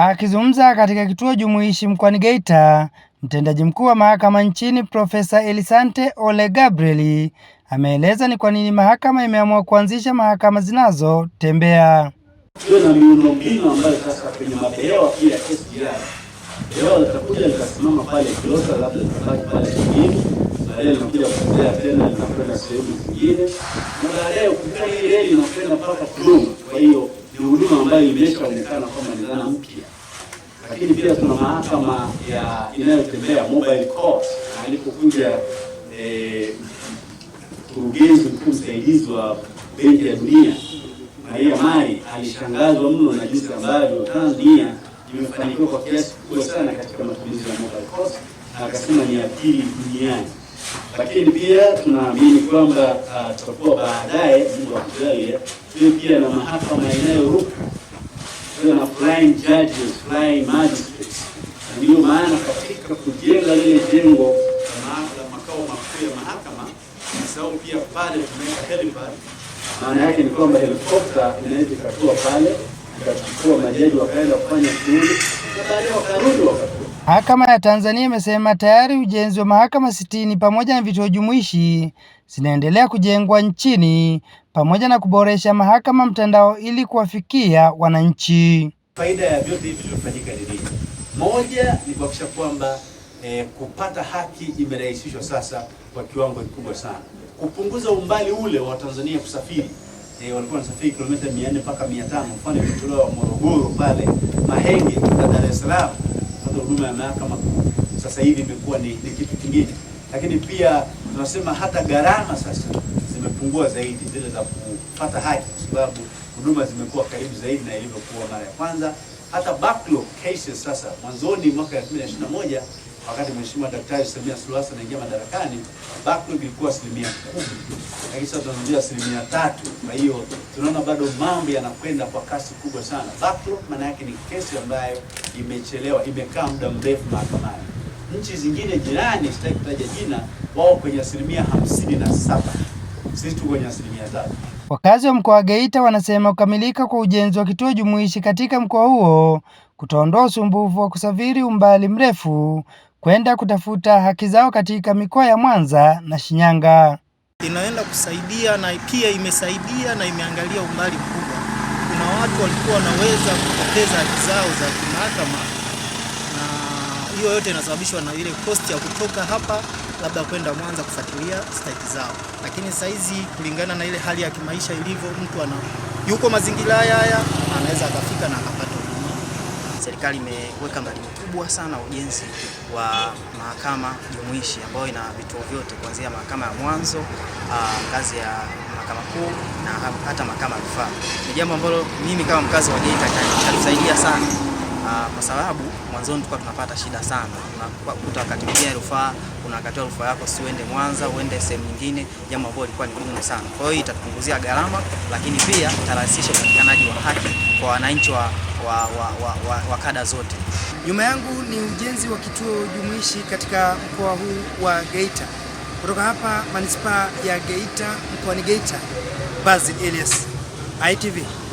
Akizungumza katika kituo jumuishi mkoani Geita, mtendaji mkuu wa mahakama nchini Profesa Elisante Ole Gabriel ameeleza ni kwa nini mahakama imeamua kuanzisha mahakama zinazotembea. Tuwe na miundombinu ambayo sasa kwenye mabehewa pia kesi ya leo litakuja litasimama pale Kilosa, labda litabaki pale kingine baadaye linakuja kutembea tena linakwenda sehemu zingine, na baadaye kupitia hii reli inakwenda mpaka Kuduma. Kwa hiyo ni huduma ambayo imeshaonekana kwamba ni dhana mpya, lakini pia tuna mahakama ya inayotembea mobile court, na alipokuja mkurugenzi eh, mkuu msaidizi wa Benki ya Dunia Maria Mari alishangazwa mno na jinsi ambavyo Tanzania imefanikiwa kwa kiasi kikubwa sana katika matumizi ya mobile court, na akasema ni ya pili duniani lakini pia tunaamini kwamba ah, tutakuwa baadaye, Mungu akujalie, hiyo pia na mahakama inayoruka na flying judges, flying magistrates. Ndiyo maana katika kujenga lile jengo la makao makuu ya mahakama sau pia pale tumeweka helipad. Maana yake ni kwamba helikopta inaweza ikatua pale ikachukua majaji wakaenda kufanya shughuli Mahakama ya Tanzania imesema tayari ujenzi wa mahakama sitini pamoja na vituo jumuishi zinaendelea kujengwa nchini pamoja na kuboresha mahakama mtandao ili kuwafikia wananchi. Faida ya vyote hivi vilivyofanyika ni nini? Moja ni kuhakikisha kwamba e, kupata haki imerahisishwa sasa kwa kiwango kikubwa sana, kupunguza umbali ule wa Tanzania kusafiri e, walikuwa wanasafiri kilomita 400 mpaka 500 mfano ilitolewa Morogoro pale Mahenge na Dar es Salaam kupata huduma ya mahakama kuu sasa hivi imekuwa ni, ni kitu kingine, lakini pia tunasema hata gharama sasa zimepungua zaidi zile za kupata haki, kwa sababu huduma zimekuwa karibu zaidi na ilivyokuwa mara ya kwanza. Hata backlog cases sasa, mwanzoni mwaka 2021 wakati Mheshimiwa Daktari Samia Suluhu Hassan anaingia madarakani backlog ilikuwa asilimia kumi, lakini sasa tunazungumzia asilimia tatu. Kwa hiyo tunaona bado mambo yanakwenda kwa kasi kubwa sana. Backlog maana yake ni kesi ambayo imechelewa, imekaa muda mrefu mahakamani. Nchi zingine jirani, sitaki kutaja jina, wao kwenye asilimia hamsini na saba, sisi tu kwenye asilimia tatu. Wakazi wa mkoa wa Geita wanasema kukamilika kwa ujenzi wa kituo jumuishi katika mkoa huo kutaondoa usumbufu wa kusafiri umbali mrefu kwenda kutafuta haki zao katika mikoa ya Mwanza na Shinyanga. Inaenda kusaidia na pia imesaidia na imeangalia umbali mkubwa. Kuna watu walikuwa wanaweza kupoteza haki zao za kimahakama, na hiyo yote inasababishwa na ile kosti ya kutoka hapa labda kwenda Mwanza kufuatilia stake zao, lakini saizi kulingana na ile hali ya kimaisha ilivyo, mtu ana yuko mazingira haya haya anaweza akafika na akapata Yaani serikali imeweka mradi mkubwa sana ujenzi wa mahakama jumuishi ambayo ina vituo vyote kuanzia mahakama ya mwanzo ah, ngazi ya mahakama kuu na hata mahakama ya rufaa. Ni jambo ambalo mimi kama mkazi wa Geita itatusaidia sana ah, kwa sababu mwanzoni tulikuwa tunapata shida sana, unakuta wakati mwingine rufaa unakatiwa rufaa yako, si uende Mwanza, uende sehemu nyingine, jambo ambalo lilikuwa ni gumu sana. Kwa hiyo itatupunguzia gharama, lakini pia itarahisisha upatikanaji wa haki kwa wananchi wa, wa, wa, wa, wa kada zote. Nyuma yangu ni ujenzi wa kituo jumuishi katika mkoa huu wa Geita. Kutoka hapa manispaa ya Geita mkoani Geita, Basil Elias, ITV.